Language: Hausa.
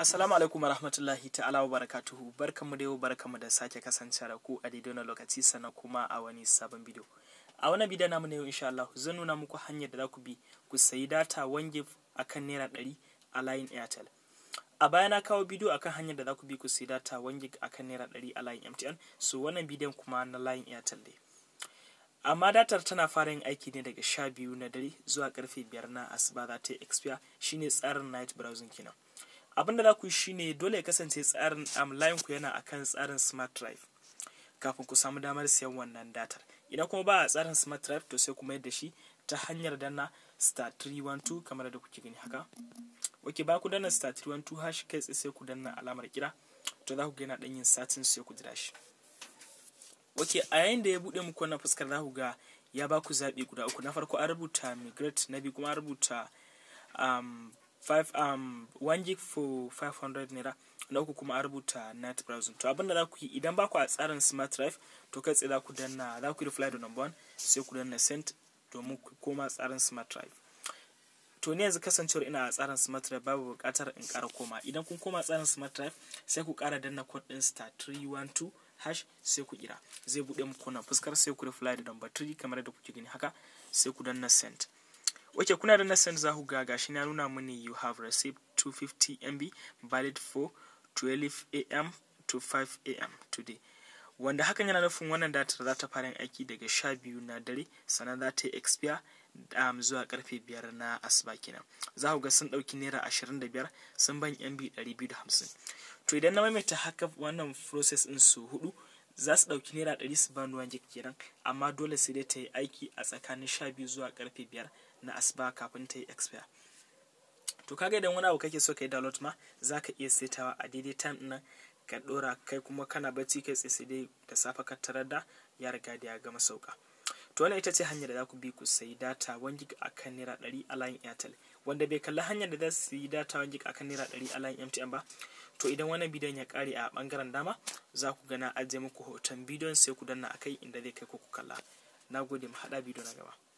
Assalamu alaikum warahmatullahi ta'ala wa barakatuhu barkanmu da yau barkanmu da sake kasance da ku a daidai na lokaci sana kuma a wani sabon bidiyo. A wani bidiyo namu na yau insha Allah zan nuna muku hanyar da za ku bi ku sayi data one a kan naira ɗari a layin Airtel. A baya na kawo bidiyo akan hanyar da za ku bi ku sayi data one a kan naira ɗari a layin MTN so wannan bidiyon kuma na layin Airtel ne. amma datar tana fara yin aiki ne daga sha biyu na dare zuwa karfe biyar na asuba za ta expire shine tsarin night browsing kenan. abin da za ku yi ne dole ya kasance tsarin amlayin um, ku yana akan tsarin smart drive kafin ku samu damar siyan wannan datar idan kuma ba a tsarin smart drive to sai kuma yadda shi ta hanyar danna star 312 kamar da kuke gani haka ok ba ku danna star 312 hash kai tsaye sai ku danna alamar kira to za ku ga yana dan yin satin sai ku jira shi ok a yayin da ya bude muku wannan fuskar za ku ga ya ba ku zaɓi guda uku na farko an rubuta migrate na biyu kuma an rubuta um, five um one gig for 500 naira na uku kuma a rubuta net browsing to abinda za ku yi idan ba ku a tsarin smart drive to kai tsaye za ku danna za ku yi reply da number one sai ku danna send domin ku koma tsarin smart drive to ne yanzu kasancewar ina a tsarin smart drive babu buƙatar in ƙara koma idan kun koma tsarin smart drive sai ku ƙara danna code ɗin star 312 hash sai ku kira zai buɗe muku na fuskar sai ku reply da number 3 kamar da kuke gani haka sai ku danna send ok kuna da nasan za ku ga gashi na nuna mini you have received 250 mb valid for 12 am to 5 am today wanda hakan yana nufin wannan datar za ta fara aiki daga sha biyu na dare sannan za ta yi expire um, zuwa karfe 5 na asuba kenan za ku ga sun ɗauki naira ashirin da biyar sun ban mb ɗari biyu da hamsin to idan na maimaita haka wannan process din su hudu za su ɗauki naira ɗari su ba ruwan jik kenan amma dole sai dai ta yi aiki a tsakanin sha biyu zuwa karfe biyar na asuba kafin ta yi expire to kaga idan wani abu kake so ka yi download ma za ka iya setawa a daidai time ɗin ka ɗora kai kuma kana bacci kai tsaye sai dai da safe ka tarar da ya riga da ya gama sauka to wannan ita ce hanyar da za ku bi ku sayi data wani gig akan naira ɗari a layin airtel wanda bai kalli hanyar da za su yi data wani gig akan naira ɗari a layin mtn ba to idan wannan bidiyon ya kare a bangaren dama za ku gana ajiye muku hoton bidiyon sai ku danna akai inda zai kai ku kalla na gode mu haɗa bidiyo na gaba